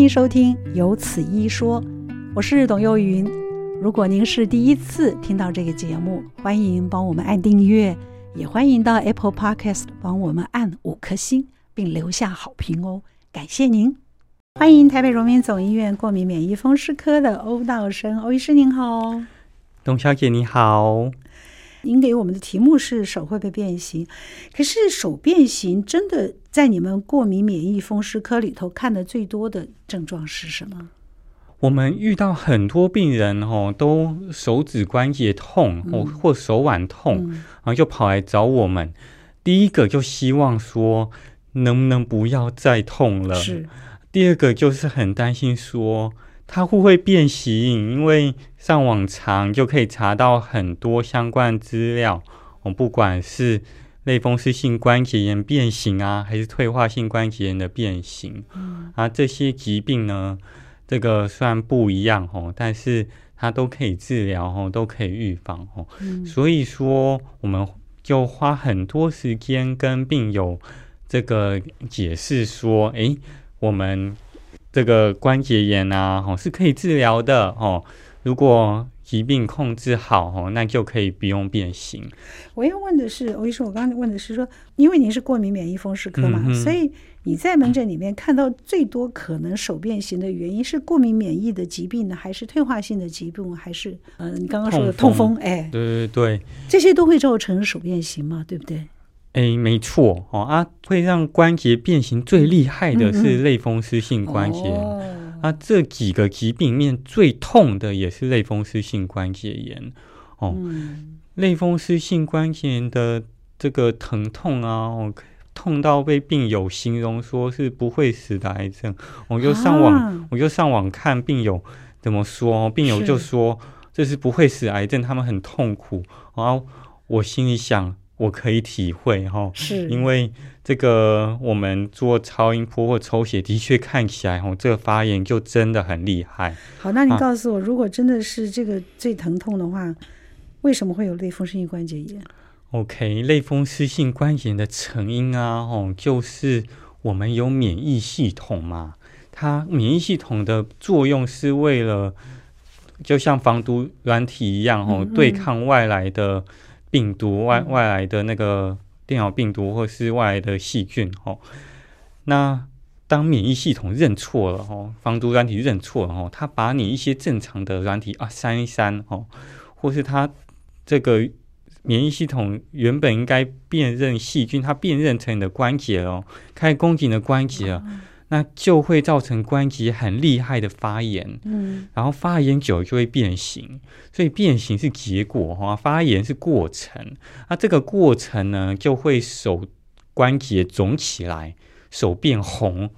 歡迎收聽《由此一說》，我是董幼雲。如果您是第一次聽到這個節目，歡迎幫我們按訂閱，也歡迎到 Apple Podcast 幫我們按五顆星並留下好評哦，感謝您！歡迎台北榮民總醫院過敏免疫風濕科的歐道昇歐醫師，您好。董小姐你好。您給我們的題目是手會不會變形，可是手變形真的在你們過敏免疫風濕科裡頭看得最多的症狀是什麼？我們遇到很多病人哦，都手指關節痛或，嗯哦、或手腕痛啊，嗯、然後就跑來找我們。第一個就希望說能不能不要再痛了，是第二個就是很擔心說它會不會變形，因為。上網查就可以查到很多相關資料。我不管是類風濕性關節炎變形啊，還是退化性關節炎的變形、嗯，啊，這些疾病呢，這個雖然不一樣哦，但是它都可以治療哦，都可以預防哦、嗯。所以說，我們就花很多時間跟病友這個解釋說：，哎、欸，我們這個關節炎啊，哦，是可以治療的哦。如果疾病控制好哦，那就可以不用變形。我要問的是，歐醫師，我剛剛問的是說，因為你是過敏免疫風濕科嘛，嗯嗯，所以你在門診裡面看到最多可能手變形的原因是過敏免疫的疾病呢、嗯，還是退化性的疾病的，還是嗯，你剛剛說的痛風？哎、欸，對對對，這些都會造成手變形嘛，對不對？哎、欸，沒錯哦啊，會讓關節變形最厲害的是類風濕性關節。嗯嗯哦啊，這幾個疾病裡面，最痛的也是類風濕性關節炎，哦，嗯、類風濕性關節炎的這個疼痛啊、哦，痛到被病友形容說是不會死的癌症，我就上網、啊，我就上網看病友怎麼說，病友就說這是不會死癌症，他們很痛苦，然後、哦、我心裡想。我可以體會哈、哦，是因為這個我們做超音波或抽血，的確看起來哈、哦，這個發炎就真的很厲害。好，那你告訴我、啊，如果真的是這個最疼痛的話，為什麼會有類風濕性關節炎？OK，類風濕性關節炎的成因啊，哦，就是我們有免疫系統嘛，它免疫系統的作用是為了就像防毒軟體一樣哦，嗯嗯對抗外來的。病毒，外外來的那個電腦病毒，或是外來的細菌，哦，那當免疫系統認錯了，哦，防毒軟體認錯了，哦，它把你一些正常的軟體啊刪一刪，哦，或是它這個免疫系統原本應該辨認細菌，它辨認成你的關節哦，開始攻擊你的關節啊。嗯那就會造成關節很厲害的發炎，嗯，然後發炎久了就會變形，所以變形是結果哈，發炎是過程。那這個過程呢，就會手關節腫起來，手變紅，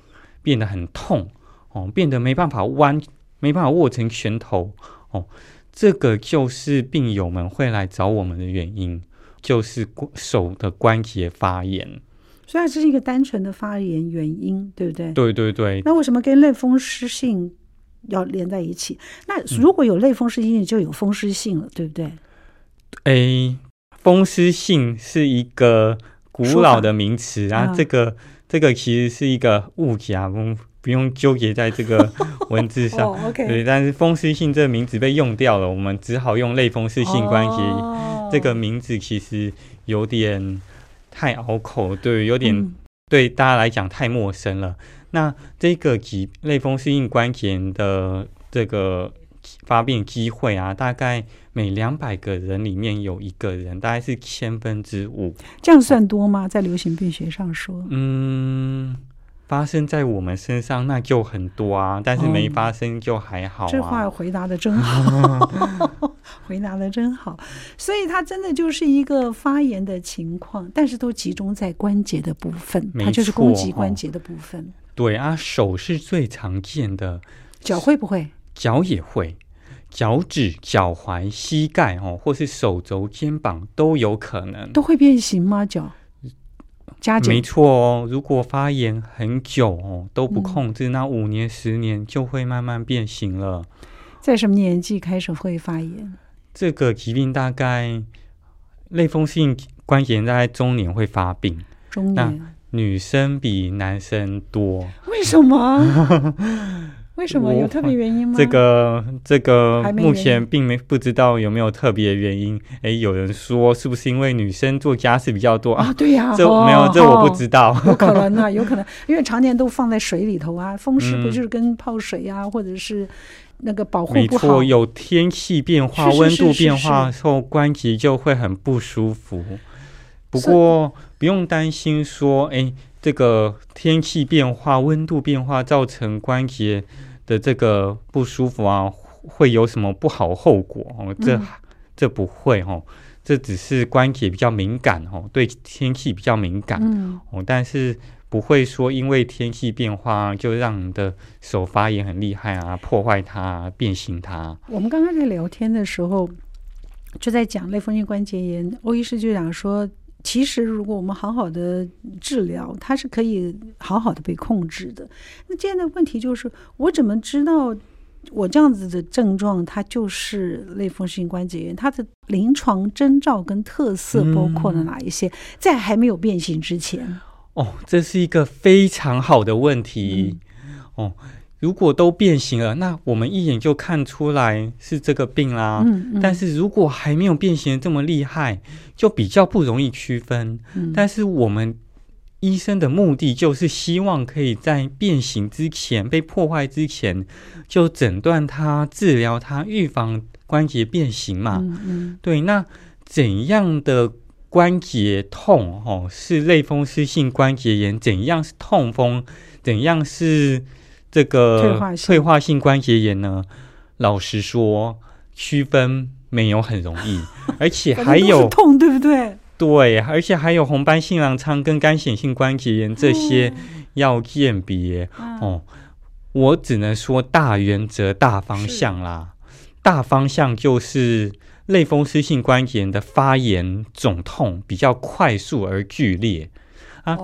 變得很痛哦，變得沒辦法彎，沒辦法握成拳頭哦。這個就是病友們會來找我們的原因，就是手的關節發炎。雖然這是一個單純的發炎原因，對不對？對對對。那為什麼跟類風濕性要連在一起？那如果有類風濕性，就有風濕性了，嗯、對不對？哎，風濕性是一個古老的名詞的啊、嗯，這個這個其實是一個誤解啊，不不用糾結在這個文字上、 哦。OK。對，但是風濕性這個名字被用掉了，我們只好用類風濕性關節、哦、這個名字，其實有點。太拗口，對，有點對大家來講太陌生了。嗯、那這個脊類風濕性關節炎的這個發病機會啊，大概每兩百個人裡面有一個人，大概是千分之五。這樣算多嗎？在流行病學上說，嗯。發生在我們身上那就很多啊，但是沒發生就還好、啊哦。這話回答得真好，啊、回答得真好。所以它真的就是一個發炎的情況，但是都集中在關節的部分，它就是攻擊關節的部分、哦。對啊，手是最常見的，腳會不會？腳也會，腳趾、腳踝、膝蓋哦，或是手肘、肩膀都有可能。都會變形嗎？腳？家沒錯哦，如果發炎很久，哦，都不控制，嗯，那五年十年就會慢慢變形了。在什麼年紀開始會發炎？這個疾病大概類風濕關節炎在中年會發病，中年，那女生比男生多，為什麼？ 為什麼有特別原因嗎？這個這個目前並沒不知道有沒有特別原因。哎，有人說是不是因為女生做家事比較多啊？對呀、啊，這、哦、沒有這我不知道、哦哦。有可能啊，有可能因為常年都放在水裡頭啊，風濕不就是跟泡水呀、啊嗯，或者是那個保護不好。沒錯，有天氣變化、是是是是是溫度變化後，關節就會很不舒服。不過不用擔心說，說哎。這個天氣變化、溫度變化造成關節的這個不舒服啊，會有什麼不好後果？哦、這、嗯、這不會哦，這只是關節比較敏感哦，對天氣比較敏感。哦、嗯，但是不會說因為天氣變化就讓你的手發炎很厲害啊，破壞它、變形它。我們剛剛在聊天的時候就在講類風濕關節炎，歐醫師就講說。其實，如果我們好好的治療，它是可以好好的被控制的。那現在問題就是，我怎麼知道我這樣子的症狀，它就是類風濕性關節炎？它的臨床徵兆跟特色包括了哪一些、嗯？在還沒有變形之前？哦，這是一個非常好的問題，嗯、哦。如果都變形了，那我們一眼就看出來是這個病啦。嗯，嗯。但是如果還沒有變形這麼厲害，就比較不容易區分。嗯。但是我們醫生的目的就是希望可以在變形之前、被破壞之前，就診斷它、治療它、預防關節變形嘛。嗯，嗯。對。那怎樣的關節痛哦，是類風濕性關節炎？怎樣是痛風？怎樣是？這個退化性關節炎呢，老實說區分沒有很容易， 而且還有痛對不對？對，而且還有紅斑性狼瘡跟乾癬性關節炎這些要鑑別、嗯、哦、嗯。我只能說大原則大方向啦，大方向就是類風濕性關節炎的發炎腫痛比較快速而劇烈啊，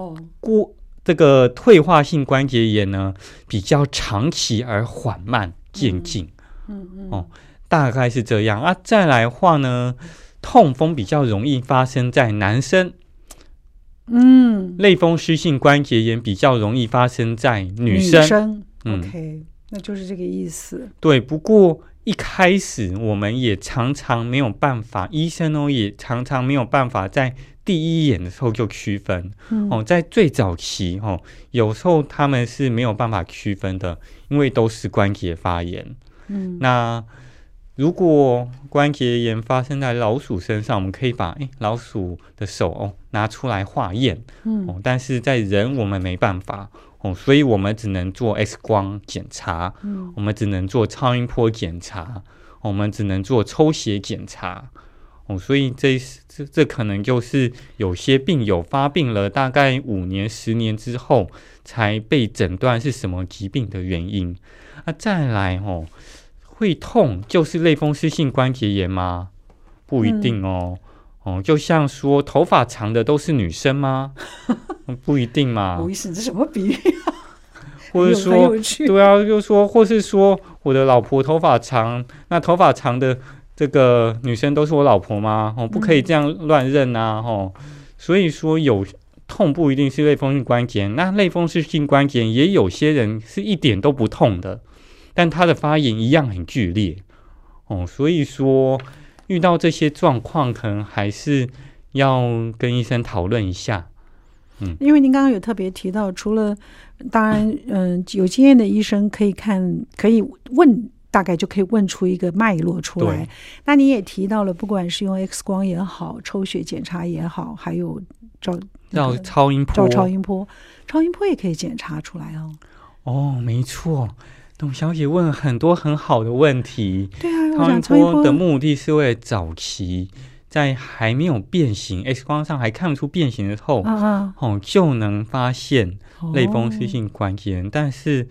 過、哦。這個退化性關節炎呢，比較長期而緩慢漸進，嗯嗯嗯、哦，大概是這樣啊。再來話呢，痛風比較容易發生在男生，嗯，類風濕性關節炎比較容易發生在女生，女生、嗯，OK，那就是這個意思。對，不過一開始我們也常常沒有辦法，醫生呢、哦，也常常沒有辦法在。第一眼的時候就區分、嗯、哦，在最早期哦，有時候他們是沒有辦法區分的，因為都是關節發炎。嗯，那如果關節炎發生在老鼠身上，我們可以把、欸、老鼠的手哦拿出來化驗。嗯、哦，但是在人我們沒辦法哦，所以我們只能做 X 光檢查、嗯，我們只能做超音波檢查，我們只能做抽血檢查。哦，所以這這這可能就是有些病友發病了，大概五年、十年之後才被診斷是什麼疾病的原因。啊，再來哦，會痛就是類風濕性關節炎嗎？不一定哦。嗯。哦，就像說頭髮長的都是女生嗎？不一定嘛。不是，這什麼比喻？或者說 有有，對啊，就是說，或是說我的老婆頭髮長，那頭髮長的。這個女生都是我老婆嗎？哦，不可以這樣亂認啊！吼、嗯哦，所以說有痛不一定是類風濕性關節炎，那類風濕性關節炎也有些人是一點都不痛的，但他的發炎一樣很劇烈哦。所以說遇到這些狀況，可能還是要跟醫生討論一下。嗯，因為您剛剛有特別提到，除了當然，嗯、呃，有經驗的醫生可以看，可以問。大概就可以問出一個脈絡出來。那你也提到了，不管是用 X 光也好，抽血檢查也好，還有照讓、那個、超音波，照超音波，超音波也可以檢查出來哦。哦，沒錯，董小姐問了很多很好的問題。對啊，超音波的目的是為了早期，在還沒有變形，X 光上還看不出變形的時候，啊啊哦，就能發現類風濕性關節炎、哦，但是。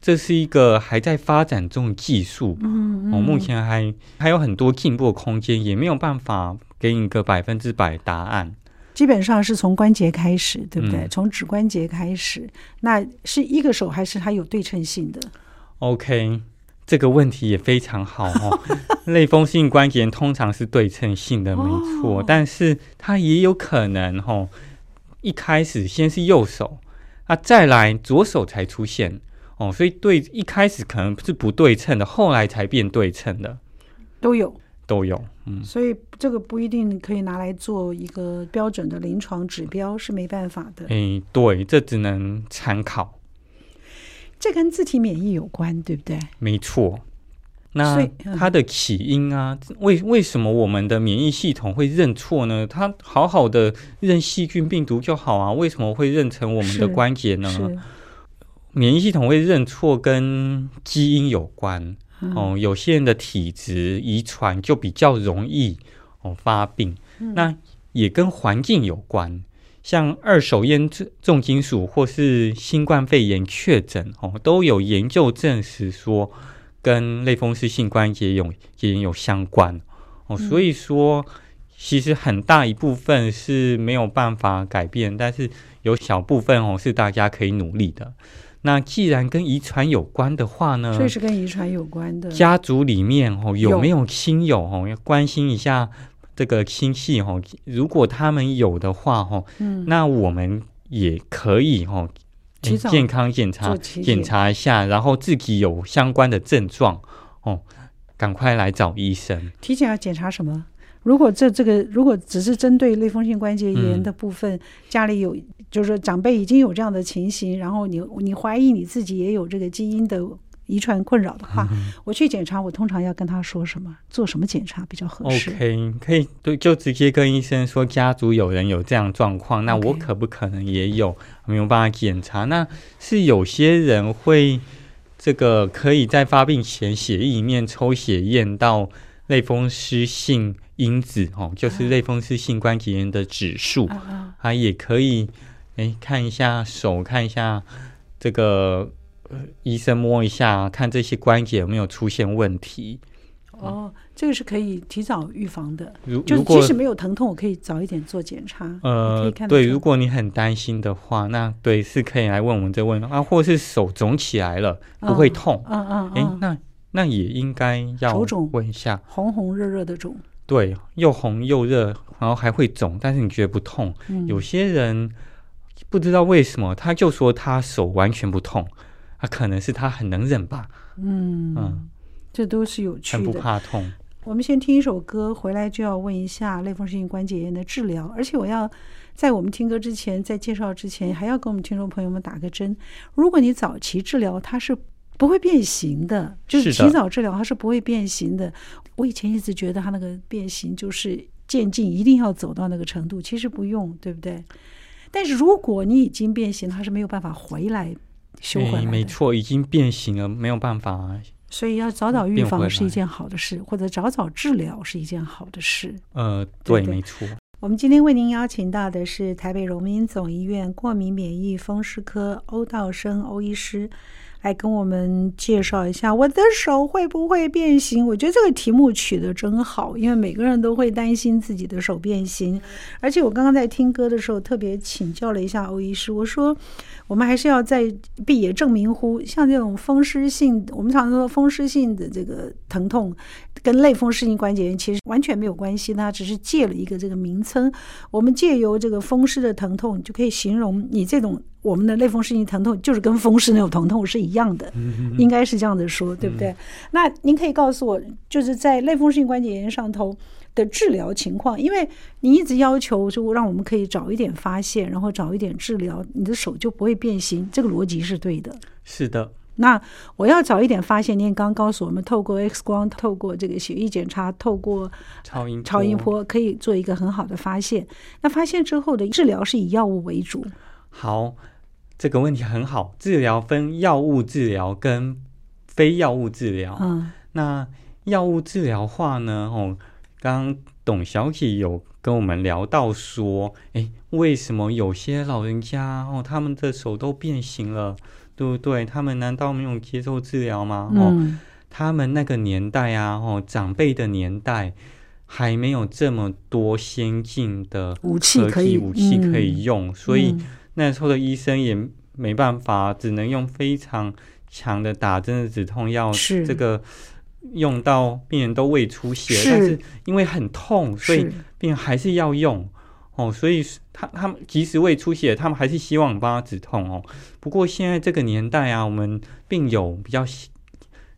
這是一個還在發展中的技術，嗯，嗯哦、目前還還有很多進步的空間，也沒有辦法給你一個百分之百答案。基本上是從關節開始，對不對、嗯？從指關節開始，那是一個手還是它有對稱性的？OK，這個問題也非常好哦。 類風濕性關節炎通常是對稱性的，沒錯，哦、但是它也有可能哈、哦，一開始先是右手，啊，再來左手才出現。哦，所以對，一開始可能是不對稱的，後來才變對稱的，都有，都有，嗯，所以這個不一定可以拿來做一個標準的臨床指標，是沒辦法的。誒、欸，對，這只能參考。這跟自體免疫有關，對不對？沒錯。那它的起因啊，嗯、為為什麼我們的免疫系統會認錯呢？它好好的認細菌病毒就好啊，為什麼會認成我們的關節呢？免疫系統會認錯，跟基因有關、嗯、哦。有些人的體質遺傳就比較容易哦發病。嗯、那也跟環境有關，像二手菸、重金屬或是新冠肺炎確診哦，都有研究證實說跟類風濕性關節炎有，也有相關哦。所以說，其實很大一部分是沒有辦法改變，嗯、但是有小部分哦是大家可以努力的。那既然跟遺傳有關的話呢？這是跟遺傳有關的。家族裡面哦有，有沒有親友哦要關心一下這個親戚哦？如果他們有的話哦，嗯，那我們也可以哦，哎、健康檢查檢查一下，然後自己有相關的症狀哦，趕快來找醫生。體檢要檢查什麼？如果這這個如果只是針對類風濕性關節炎的部分，嗯、家裡有就是說長輩已經有這樣的情形，然後你你懷疑你自己也有這個基因的遺傳困擾的話、嗯，我去檢查，我通常要跟他說什麼，做什麼檢查比較合適？O、okay, K，可以對，就直接跟醫生說，家族有人有這樣狀況，那我可不可能也有？Okay, 沒有辦法檢查，那是有些人會這個可以在發病前血液裡面抽血驗到類風濕性。因子哦，就是類風濕性關節炎的指數，啊，啊也可以，哎、欸，看一下手，看一下這個，呃，醫生摸一下，看這些關節有沒有出現問題。嗯、哦，這個是可以提早預防的。如果，就即使沒有疼痛，我可以早一點做檢查呃、這個。呃，對，如果你很擔心的話，那對，是可以來問我們這問啊，或是手腫起來了、嗯，不會痛，嗯嗯哎、嗯欸，那。那也應該要問一下，紅紅熱熱的腫，對，又紅又熱，然後還會腫，但是你覺得不痛？有些人不知道為什麼，他就說他手完全不痛，啊，可能是他很能忍吧。嗯嗯，這都是有趣的，不怕痛。我們先聽一首歌，回來就要問一下類風濕性關節炎的治療。而且我要在我們聽歌之前，在介紹之前，還要跟我們聽眾朋友們打個針。如果你早期治療，它是。不會變形的，就是及早治療，它是不會變形的。我以前一直覺得它那個變形就是漸進，一定要走到那個程度，其實不用，對不對？但是如果你已經變形了，它是沒有辦法回來修回來的。哎，沒錯，已經變形了，沒有辦法。所以要早早預防是一件好的事，或者早早治療是一件好的事。呃，對，對，對，沒錯。我們今天為您邀請到的是台北榮民總醫院過敏免疫風濕科歐道昇歐醫師。來跟我們介紹一下，我的手會不會變形？我覺得這個題目取得真好，因為每個人都會擔心自己的手變形。而且我剛剛在聽歌的時候，特別請教了一下歐醫師，我說。我們還是要再必也正名乎？像這種風濕性，我們常說風濕性的這個疼痛，跟類風濕性關節炎其實完全沒有關係，它只是借了一個這個名稱。我們借由這個風濕的疼痛，就可以形容你這種我們的類風濕性疼痛，就是跟風濕那種疼痛是一樣的，應該是這樣的說，對不對？那您可以告訴我，就是在類風濕性關節炎上頭。的治療情況，因為你一直要求就讓我們可以早一點發現，然後早一點治療，你的手就不會變形。這個邏輯是對的。是的。那我要早一點發現，您剛告訴我們，透過 X 光、透過這個血液檢查、透過超音超音波，音波可以做一個很好的發現。那發現之後的治療是以藥物為主。好，這個問題很好。治療分藥物治療跟非藥物治療。嗯。那藥物治療化呢？哦。剛董小姐有跟我們聊到說，哎，為什麼有些老人家哦，他們的手都變形了，對不對？他們難道沒有接受治療嗎？嗯、哦，他們那個年代啊，哦，長輩的年代還沒有這麼多先進的科技武器可以用，武器可以嗯、所以那時候的醫生也沒辦法，嗯、只能用非常強的打針的止痛藥，是這個。用到病人都胃出血，但是因為很痛，所以病人還是要用是哦。所以他他們即使胃出血，他們還是希望幫他止痛哦。不過現在這個年代啊，我們病友比較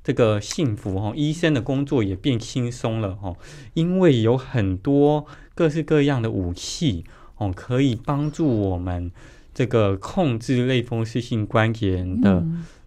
這個幸福哦，醫生的工作也變輕鬆了哦，因為有很多各式各樣的武器哦，可以幫助我們這個控制類風濕性關節炎的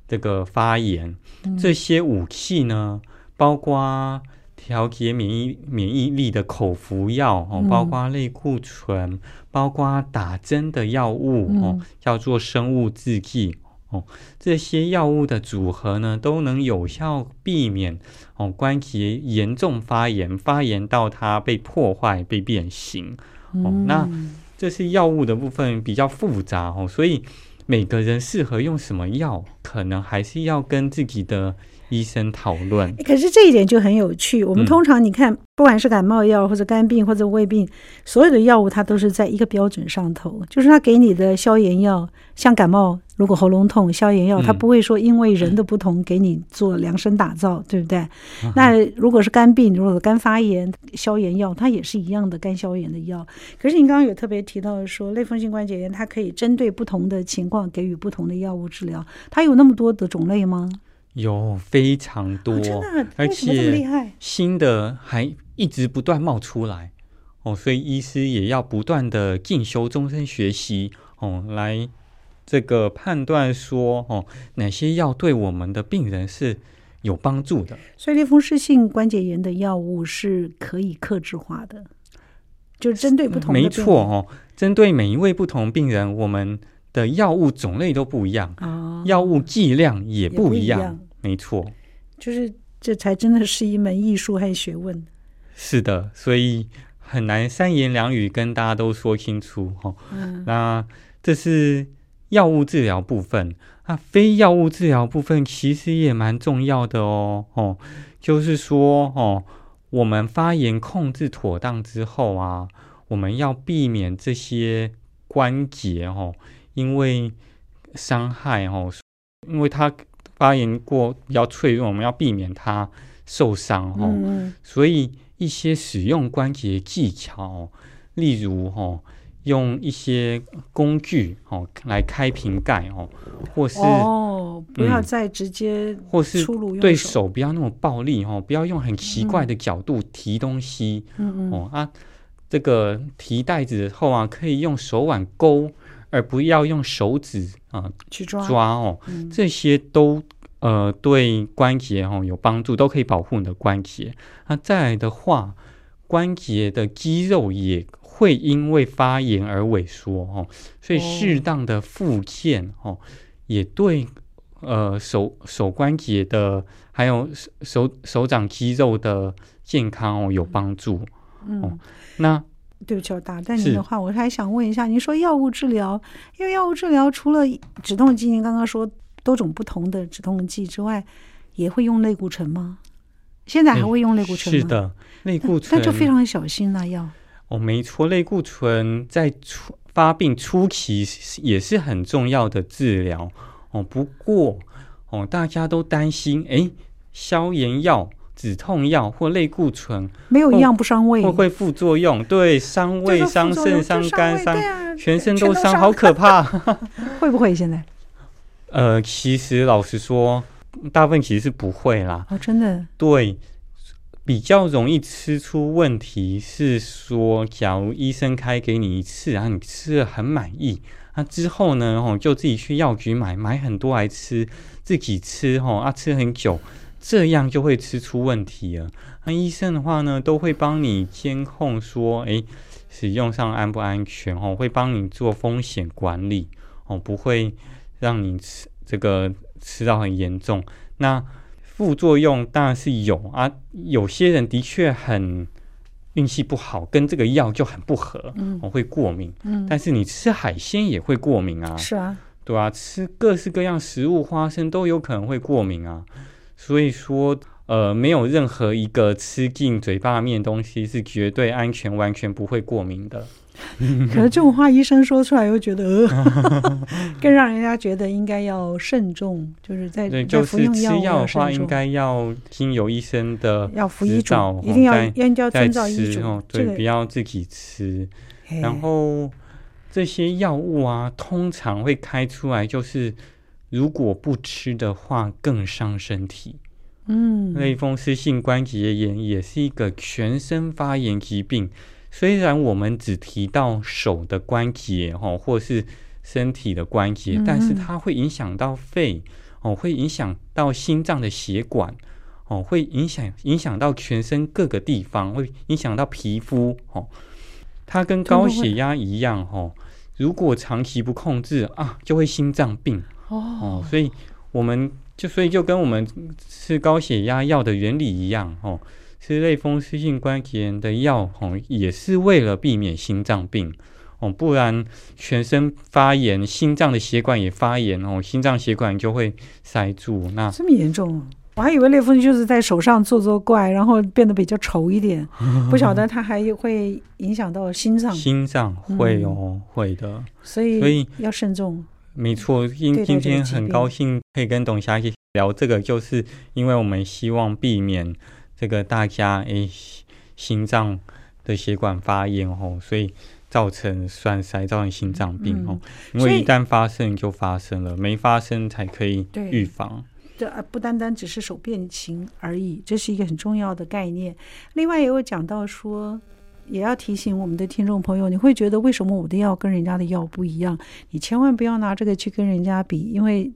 這個發炎、嗯嗯。這些武器呢？包括調節免疫免疫力的口服藥哦、嗯，包括類固醇，包括打針的藥物哦、嗯，叫做生物製劑哦，這些藥物的組合呢，都能有效避免哦關節嚴重發炎，發炎到它被破壞、被變形哦、嗯。那這些藥物的部分比較複雜哦，所以每個人適合用什麼藥？可能還是要跟自己的醫生討論。可是這一點就很有趣。我們通常你看，不管是感冒藥或者肝病或者胃病，所有的藥物它都是在一個標準上頭，就是它給你的消炎藥，像感冒。如果喉嚨痛，消炎藥它不會說因為人的不同給你做量身打造，嗯、對不對、嗯？那如果是肝病，如果是肝發炎，消炎藥它也是一樣的肝消炎的藥。可是你剛剛有特別提到說，類風濕關節炎，它可以針對不同的情況給予不同的藥物治療。它有那麼多的種類嗎？有非常多，哦、真的，為什麼這麼厲害？而且新的還一直不斷冒出來哦，所以醫師也要不斷的進修、終身學習哦，來。這個判斷說，哦，哪些藥對我們的病人是有幫助的？所以類風濕性關節炎的藥物是可以客製化的，就針對不同病人沒錯哦，針對每一位不同病人，我們的藥物種類都不一樣啊、哦，藥物劑量也不，也不一樣。沒錯，就是這才真的是一門藝術和學問。是的，所以很難三言兩語跟大家都說清楚哦，嗯，那這是。藥物治療部分，啊、非藥物治療部分其實也蠻重要的哦，哦，就是說，哦，我們發炎控制妥當之後啊，我們要避免這些關節哦，因為傷害哦，因為它發炎過比較脆弱，我們要避免它受傷、嗯、哦，所以一些使用關節技巧，例如，哦用一些工具哦來開瓶蓋哦，或是哦、oh, 嗯、不要再直接粗魯用或是出手不要那麼暴力哦，不要用很奇怪的角度提東西，嗯、哦啊這個提袋子後啊可以用手腕勾，而不要用手指啊去抓，抓哦、嗯，這些都呃對關節哦有幫助，都可以保護你的關節。那、啊、再來的話，關節的肌肉也。會因為發炎而萎縮哦，所以適當的復健哦，哦也對呃手手關節的還有手手手掌肌肉的健康哦有幫助。嗯，那、哦嗯嗯、對不起，打斷，但是的話是，我還想問一下，您說藥物治療，因為藥物治療除了止痛劑，您剛剛說多種不同的止痛劑之外，也會用類固醇嗎、嗯？現在還會用類固醇嗎？是的，類固醇，那就非常小心了、啊、要。哦，沒錯，類固醇在初發病初期也是很重要的治療。哦，不過哦，大家都擔心，誒，消炎藥、止痛藥或類固醇沒有一樣不傷胃，會不會副作用，對，傷胃、就是、傷腎、傷肝、傷全身都傷，好可怕。 會不會現在？呃，其實老實說，大部分其實是不會啦。哦，真的。對。比較容易吃出問題是說，假如醫生開給你一次，然後、啊、你吃了很滿意，那、啊、之後呢，哦，就自己去藥局買，買很多來吃，自己吃，吼、哦、啊，吃很久，這樣就會吃出問題了。那、啊、醫生的話呢，都會幫你監控說、欸，使用上安不安全？哦，會幫你做風險管理，哦，不會讓你吃這個吃到很嚴重。那。副作用當然是有啊，有些人的確很運氣不好，跟這個藥就很不合。嗯，我、哦、會過敏。嗯，但是你吃海鮮也會過敏啊，是啊，對啊，吃各式各樣食物，花生都有可能會過敏啊。所以說，呃，沒有任何一個吃進嘴巴面的東西是絕對安全、完全不會過敏的。 可是這種話醫生說出來，又覺得 更讓人家覺得應該要慎重，就是在就服用藥、就是、的時，應該要經由醫生的指導，要醫一定要嗯、就要遵照醫囑、嗯、對不要自己吃。然後這些藥物啊，通常會開出來，就是如果不吃的話，更傷身體。嗯，類風濕性關節炎也，也是一個全身發炎疾病。雖然我們只提到手的關節，哦，或是身體的關節，嗯，但是它會影響到肺哦，會影響到心臟的血管哦，會影響影響到全身各個地方，會影響到皮膚哦。它跟高血壓一樣哦，如果長期不控制啊，就會心臟病哦，哦。所以我們就所以就跟我們吃高血壓藥的原理一樣哦。吃類風濕性關節炎的藥，哦，也是為了避免心臟病哦，不然全身發炎，心臟的血管也發炎哦，心臟血管就會塞住。那這麼嚴重，啊？我還以為類風就是在手上做做怪，然後變得比較醜一點，嗯、不曉得它還會影響到心臟。心臟會哦、嗯，會的，所以所以要慎重。沒錯，嗯，今天很高興可以跟董小姐聊這個，就是因為我們希望避免。這個大家誒，心臟的血管發炎哦，所以造成栓塞，造成心臟病哦、嗯。因為一旦發生就發生了，沒發生才可以預防。對這不單單只是手變形而已，這是一個很重要的概念。另外也有講到說，也要提醒我們的聽眾朋友，你會覺得，為什麼我的藥跟人家的藥不一樣？你千萬不要拿這個去跟人家比，因為。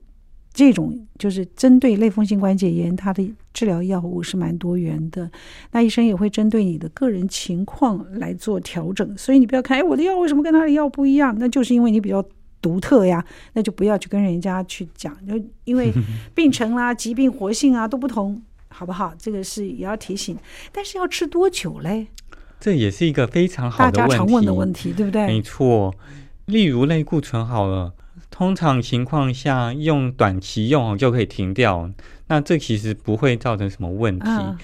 這種就是針對類風濕性關節炎，它的治療藥物是蠻多元的。那醫生也會針對你的個人情況來做調整，所以你不要看，哎，我的藥為什麼跟他的藥不一樣？那就是因為你比較獨特呀，那就不要去跟人家去講，就因為病程啦、啊、疾病活性啊都不同，好不好？這個是也要提醒。但是要吃多久嘞？這也是一個非常好的問題，大家常問的問題，對不對？沒錯，例如類固醇好了。通常情況下，用短期用就可以停掉，那這其實不會造成什麼問題。啊、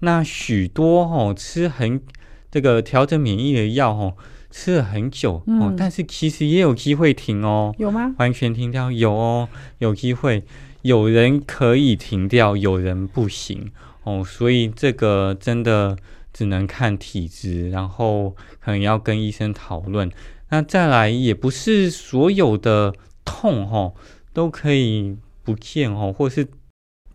那許多哦吃很這個調整免疫的藥哦吃了很久、嗯、哦，但是其實也有機會停哦，有嗎？完全停掉有哦，有機會，有人可以停掉，有人不行哦，所以這個真的只能看體質，然後可能要跟醫生討論。那再來也不是所有的。痛吼、哦、都可以不見哦，或是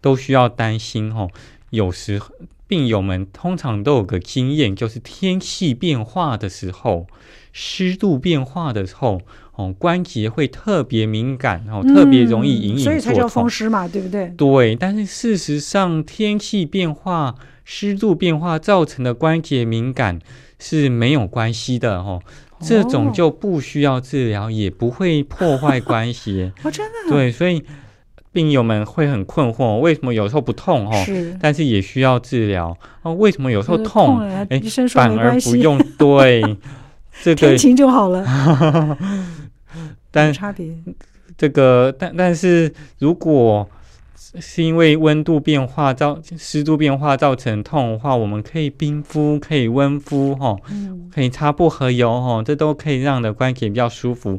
都需要擔心哦。有時病友們通常都有個經驗，就是天氣變化的時候、濕度變化的時候，哦，關節會特別敏感哦，特別容易隱隱作痛、嗯。所以才叫風濕嘛，對不對？對。但是事實上，天氣變化、濕度變化造成的關節敏感是沒有關係的哦。這種就不需要治療、哦，也不會破壞關係。我、哦、真的、啊、對，所以病友們會很困惑：為什麼有時候不痛哈？但是也需要治療啊、哦？為什麼有時候痛？哎、就是，醫、欸、生說沒關係。反而不用，對， 這個天晴就好了。有差別。這個，但但是如果，是因為溫度變化造濕度變化造成痛的話，我們可以冰敷，可以溫敷、哦，可以擦薄荷油、哦，這都可以讓的關節比較舒服。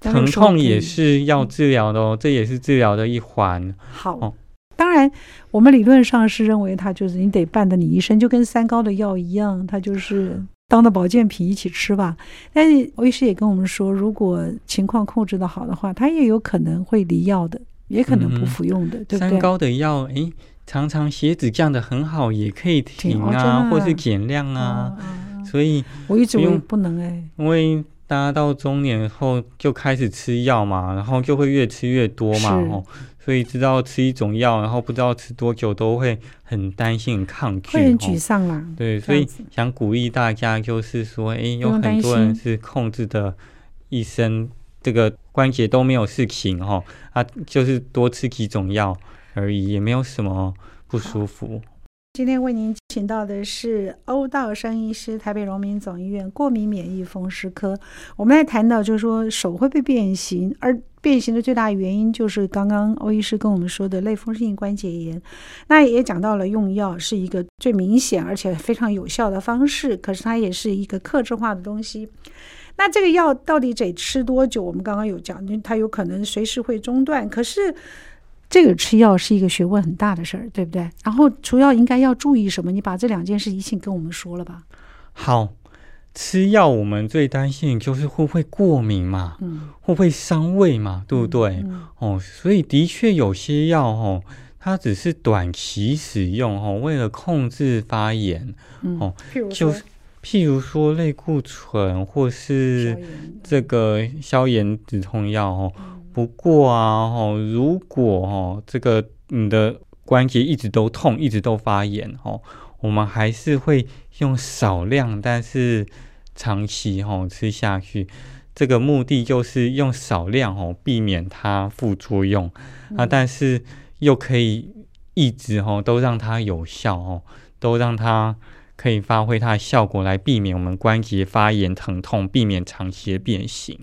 疼痛也是要治療的哦，這也是治療的一環。好，當然我們理論上是認為它就是你得伴著你一生就跟三高的藥一樣，它就是當的保健品一起吃吧。但是歐醫師也跟我們說，如果情況控制得好的話，它也有可能會離藥的。也可能不服用的、嗯，對不對？三高的藥，哎，常常血脂降得很好，也可以停啊，停哦、啊或是減量啊。啊啊啊啊所以我一直用不能哎、欸，因為大家到中年後就開始吃藥嘛，然後就會越吃越多嘛。哦，所以知道吃一種藥，然後不知道吃多久，都會很擔心、很抗拒，會很沮喪、啊哦、對，所以想鼓勵大家，就是說誒是，哎，有很多人是控制的一生。這個關節都沒有事情哈，啊，就是多吃幾種藥而已，也沒有什麼不舒服。今天為您請到的是歐道昇醫師，台北榮民總醫院過敏免疫風濕科。我們來談到，就是說手會被變形，而變形的最大原因就是剛剛歐醫師跟我們說的類風濕性關節炎。那也講到了用藥是一個最明顯而且非常有效的方式，可是它也是一個客製化的東西。那這個藥到底得吃多久？我們剛剛有講，因為它有可能隨時會中斷。可是這個吃藥是一個學問很大的事兒，對不對？然後除藥應該要注意什麼？你把這兩件事一起跟我們說了吧。好，吃藥我們最擔心就是會不會過敏嘛，嗯、會不會傷胃嘛，對不對、嗯？哦，所以的確有些藥哦，它只是短期使用哦，為了控制發炎、嗯、哦，就。譬如說類固醇，或是這個消炎止痛藥哦、嗯。不過啊，如果哈，這個你的關節一直都痛，一直都發炎哦，我們還是會用少量，但是長期哈吃下去。這個目的就是用少量哦，避免它副作用、嗯、啊，但是又可以一直哈都讓它有效哦，都讓它。可以發揮它的效果來避免我們關節發炎疼痛，避免長期的變形。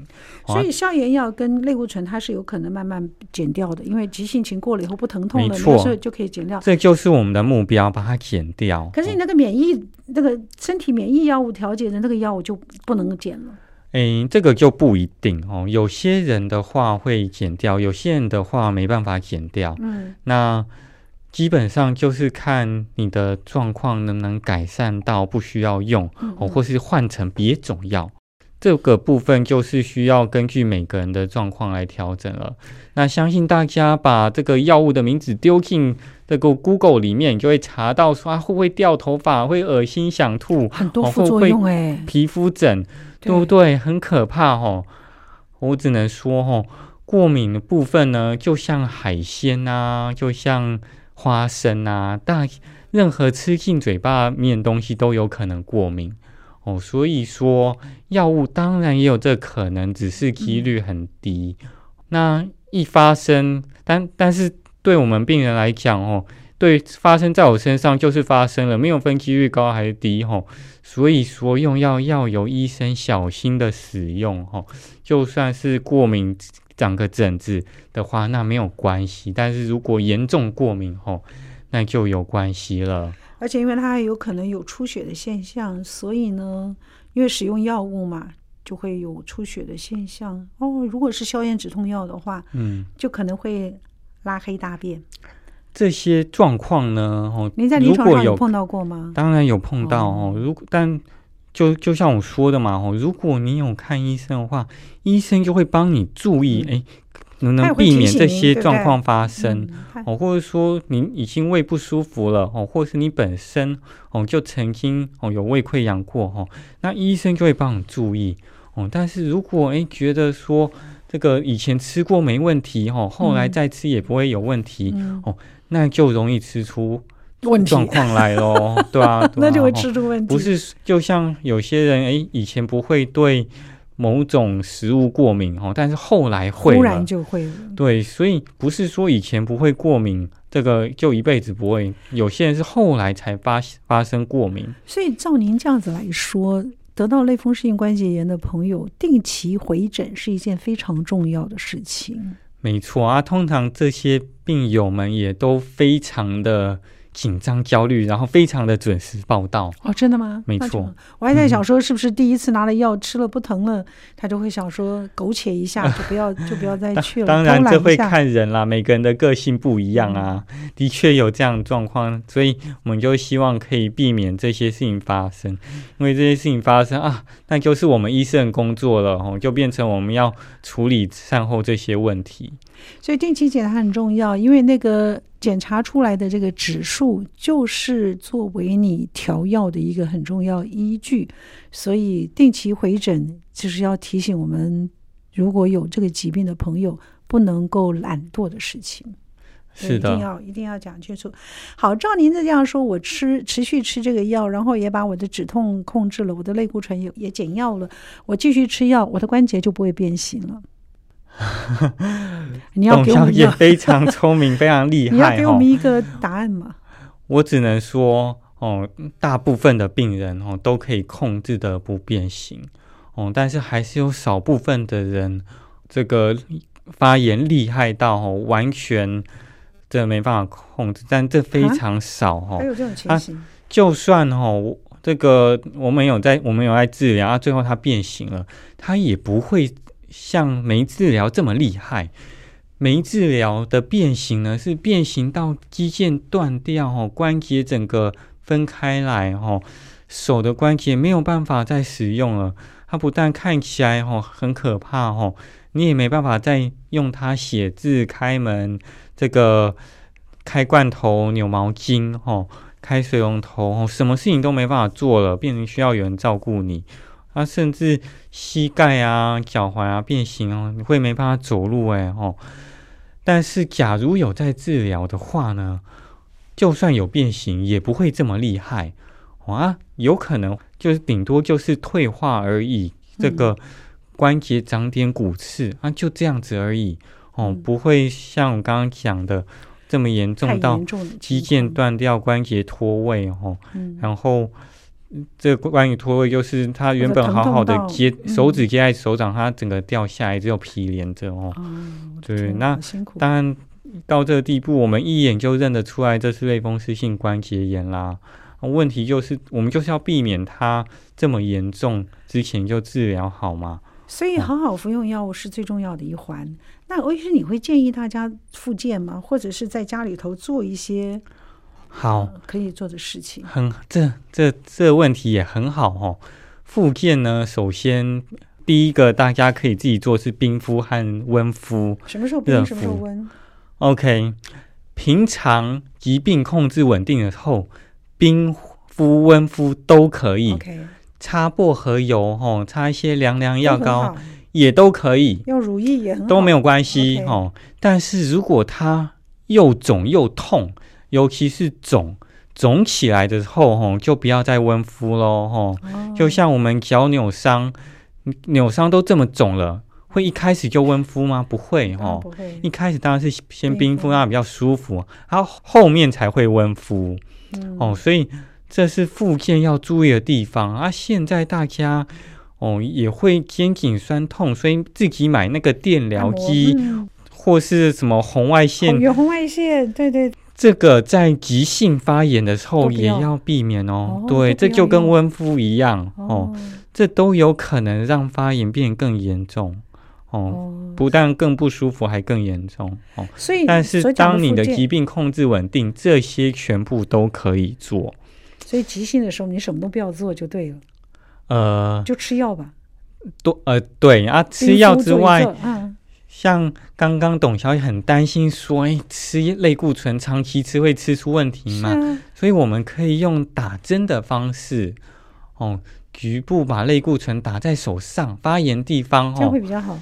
所以消炎藥跟類固醇，它是有可能慢慢減掉的，因為急性期過了以後不疼痛了，沒錯、那個、就可以減掉。這就是我們的目標，把它減掉。可是你那個免疫、哦、那個身體免疫藥物調節的那個藥物就不能減了。哎、欸，這個就不一定哦。有些人的話會減掉，有些人的話沒辦法減掉。嗯，那。基本上就是看你的狀況能不能改善到不需要用，嗯嗯，或是換成別種藥。這個部分就是需要根據每個人的狀況來調整了。那相信大家把這個藥物的名字丟進這個 Google 裡面，就會查到說啊，會不會掉頭髮、會噁心、想吐、很多副作用哎，會不會皮膚疹，對不對？很可怕哦。我只能說哦，過敏的部分呢，就像海鮮啊，就像。花生啊，但任何吃進嘴巴面東西都有可能過敏哦。所以說，藥物當然也有這可能，只是幾率很低。那一發生，但但是對我們病人來講，哦，對，發生在我身上就是發生了，沒有分幾率高還是低哦。所以說，用藥要由醫生小心的使用哈、哦。就算是過敏。長個疹子的話，那沒有關係；但是如果嚴重過敏吼、哦，那就有關係了。而且，因為它還有可能有出血的現象，所以呢，因為使用藥物嘛，就會有出血的現象哦。如果是消炎止痛藥的話，嗯，就可能會拉黑大便。這些狀況呢，哦，您在臨床上有，有碰到過嗎？當然有碰到哦，如果但。就就像我說的嘛，哦，如果你有看醫生的話，醫生就會幫你注意、嗯，誒，能不能避免這些狀況發生，哦、嗯嗯，或者說你已經胃不舒服了，哦，或是你本身，哦，就曾經哦有胃潰瘍過，哦，那醫生就會幫你注意，哦，但是如果誒，覺得說這個以前吃過沒問題，哈，後來再吃也不會有問題，哦、嗯嗯，那就容易吃出。狀況 來嘍，對啊，對啊 那就會吃出問題。不是，就像有些人哎、欸，以前不會對某種食物過敏哦，但是後來會，突然就會了。對，所以不是說以前不會過敏，這個就一輩子不會。有些人是後來才發發生過敏。所以照您這樣子來說，得到類風濕性關節炎的朋友，定期回診是一件非常重要的事情。嗯、沒錯啊，通常這些病友們也都非常的。緊張、焦慮，然後非常的準時報到。哦，真的嗎？沒錯，我還在想說，是不是第一次拿了藥吃了不疼了，嗯，他就會想說苟且一下，呃、就不要就不要再去了。當然，當然這會看人啦，每個人的個性不一樣啊，嗯、的確有這樣狀況，所以我們就希望可以避免這些事情發生，因為這些事情發生啊，那就是我們醫生工作了哦，就變成我們要處理善後這些問題。所以定期檢查很重要，因為那個。檢查出來的這個指數就是作為你調藥的一個很重要依據，所以定期回診就是要提醒我們，如果有這個疾病的朋友，不能夠懶惰的事情，所以是的，一定要一定要講清楚。好，照您這樣說，我吃持續吃這個藥，然後也把我的止痛控制了，我的類固醇也也減藥了，我繼續吃藥，我的關節就不會變形了？ 你要給我們一個，董小姐非常聰明、非常厲害，你要給我們一個答案嗎？ 我只能說，哦，大部分的病人哦都可以控制的不變形，哦，但是還是有少部分的人，這個發炎厲害到哦完全這沒辦法控制，但這非常少哦、啊啊。還有這種情形？啊、就算哦，這個我們有在我們有在治療，啊，最後它變形了，它也不會。像沒治療這麼厲害，沒治療的變形呢，是變形到肌腱斷掉哦，關節整個分開來哦，手的關節沒有辦法再使用了。它不但看起來哦，很可怕哦，你也沒辦法再用它寫字、開門、這個開罐頭、扭毛巾、吼、哦、開水龍頭、哦，什麼事情都沒辦法做了，變成需要有人照顧你。啊，甚至膝蓋啊、腳踝啊變形哦、啊，你會沒辦法走路哎哦。但是假如有在治療的話呢，就算有變形，也不會這麼厲害、哦、啊。有可能就是頂多就是退化而已，這個關節長點骨刺、嗯、啊，就這樣子而已哦，不會像我剛剛講的這麼嚴重到肌腱斷掉關、關節脫位哦、嗯。然後。這關於脫位，就是他原本好好的接手指接在手掌，它整個掉下來，只有皮連着哦、嗯。對，哦、那辛苦當然到這個地步，我們一眼就認得出來這是類風濕性關節炎啦。問題就是，我們就是要避免它這麼嚴重之前就治療好嗎？所以好好服用藥物是最重要的一環。嗯、那歐醫生，你會建議大家復健嗎？或者是在家裡頭做一些？好、嗯，可以做的事情。很，這這這問題也很好哦。復健呢，首先第一個大家可以自己做是冰敷和溫敷。什麼時候冰敷？什麼時候溫？OK，平常疾病控制穩定了後，冰敷溫敷都可以。o、okay、擦薄荷油哦，擦一些涼涼藥膏也都可以。用乳液也很好，都沒有關係、okay、哦。但是如果它又腫又痛。尤其是腫腫起來的時候，吼，就不要再溫敷嘍，吼。Oh. 就像我們腳扭傷，扭傷都這麼腫了，會一開始就溫敷嗎？Oh. 不會，哦、嗯。一開始當然是先冰敷它比較舒服，然、嗯、後、啊、後面才會溫敷。哦、嗯，所以這是復健要注意的地方啊。現在大家哦也會肩頸酸痛，所以自己買那個電療機、嗯、或是什麼紅外線、嗯哦、有紅外線，對對，對。這個在急性發炎的時候也要避免哦，哦對，這就跟溫敷一樣哦，哦，這都有可能讓發炎變得更嚴重哦，哦，不但更不舒服，還更嚴重哦。所以，但是當你的疾病控制穩定，這些全部都可以做。所以急性的時候，你什麼都不要做就對了。呃，就吃藥吧。都呃對，啊，吃藥之外。啊像剛剛董小姐很擔心說：“哎，吃類固醇長期吃會吃出問題嘛，啊？”所以我們可以用打針的方式，哦，局部把類固醇打在手上發炎地方，哦，這樣會比較好，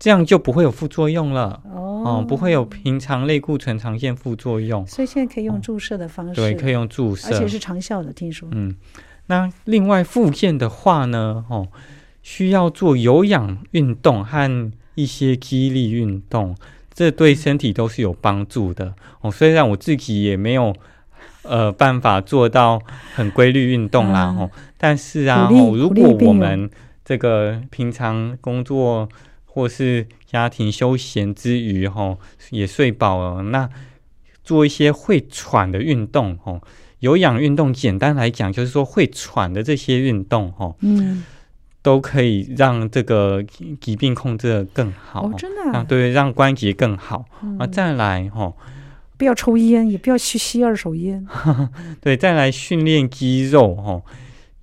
這樣就不會有副作用了。哦，哦不會有平常類固醇常見副作用。所以現在可以用注射的方式，哦，對，可以用注射，而且是長效的。聽說，嗯，那另外復健的話呢，哦，需要做有氧運動和。一些肌力運動，這對身體都是有幫助的。哦，雖然我自己也沒有，呃，辦法做到很規律運動啦，嗯。但是啊，如果我們這個平常工作或是家庭休閒之餘，也睡飽了，那做一些會喘的運動，有氧運動，簡單來講就是說會喘的這些運動，嗯。都可以讓這個疾病控制的更好哦，真的啊，對，讓關節更好、嗯、啊，再來哦，不要抽煙，也不要去吸二手煙，呵呵，對，再來訓練肌肉哦，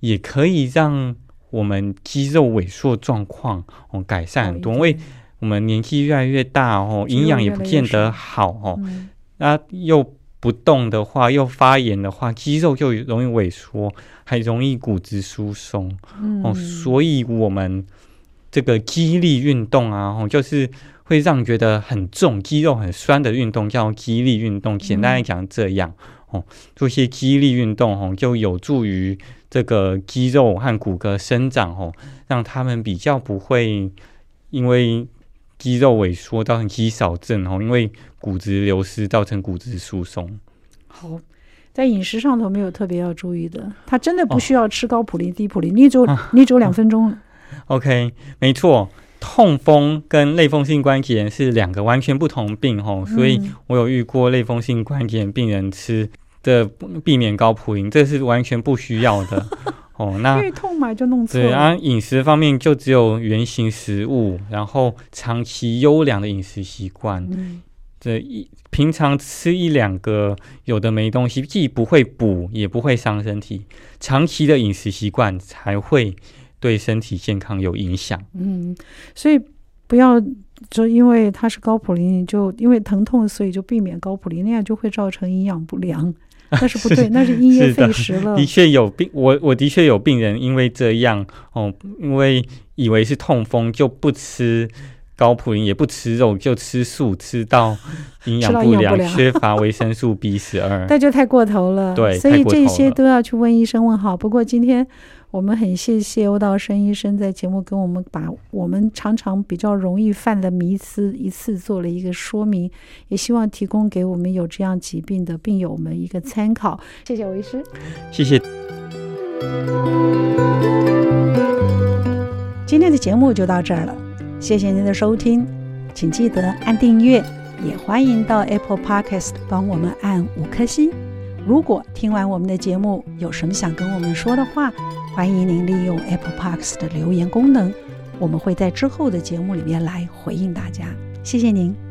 也可以讓我們肌肉萎縮狀況哦改善很多，因為我們年紀越來越大哦越越，營養也不見得好哦，嗯、啊又。不動的話，又發炎的話，肌肉就容易萎縮，還容易骨質疏鬆、嗯、哦。所以我們這個肌力運動啊、哦，就是會讓覺得很重、肌肉很酸的運動叫肌力運動、嗯，簡單講這樣哦，做一些肌力運動哦，就有助於這個肌肉和骨骼生長哦，讓他們比較不會因為。肌肉萎縮造成肌少症，吼，因為骨質流失造成骨質疏鬆。好，在飲食上頭沒有特別要注意的，他真的不需要吃高普林、哦、低普林。你只有、啊，你只有兩分鐘、啊、OK，沒錯，痛風跟類風濕關節炎是兩個完全不同病，吼、哦，所以我有遇過類風濕關節炎病人吃的、嗯、避免高普林，這是完全不需要的。 哦，那胃痛嘛就弄錯。對啊，飲食方面就只有原型食物，然後長期優良的飲食習慣。嗯，這一平常吃一兩個有的沒東西，既不會補也不會傷身體。長期的飲食習慣才會對身體健康有影響。嗯，所以不要就因為它是高普林，就因為疼痛所以就避免高普林，那樣就會造成營養不良。那是不對，是那是因噎廢食了。的確有病，我我的確有病人因為這樣哦，因為以為是痛風，就不吃高普林，也不吃肉，就吃素，吃到營養不良，不缺乏維生素 B 十二。那就太過頭了，對，所以這些都要去問醫生問好。不過今天。我們很謝謝歐道昇醫生在節目跟我們把我們常常比較容易犯的迷思一次做了一個說明，也希望提供給我們有這樣疾病的病友們一個參考。謝謝歐醫師，謝謝，謝。今天的節目就到這兒了，謝謝您的收聽，請記得按訂閱，也歡迎到 Apple Podcast 幫我們按五顆星。如果聽完我們的節目有什麼想跟我們說的話，歡迎您利用 Apple Podcast 的留言功能，我們會在之後的節目裡面來回應大家。謝謝您。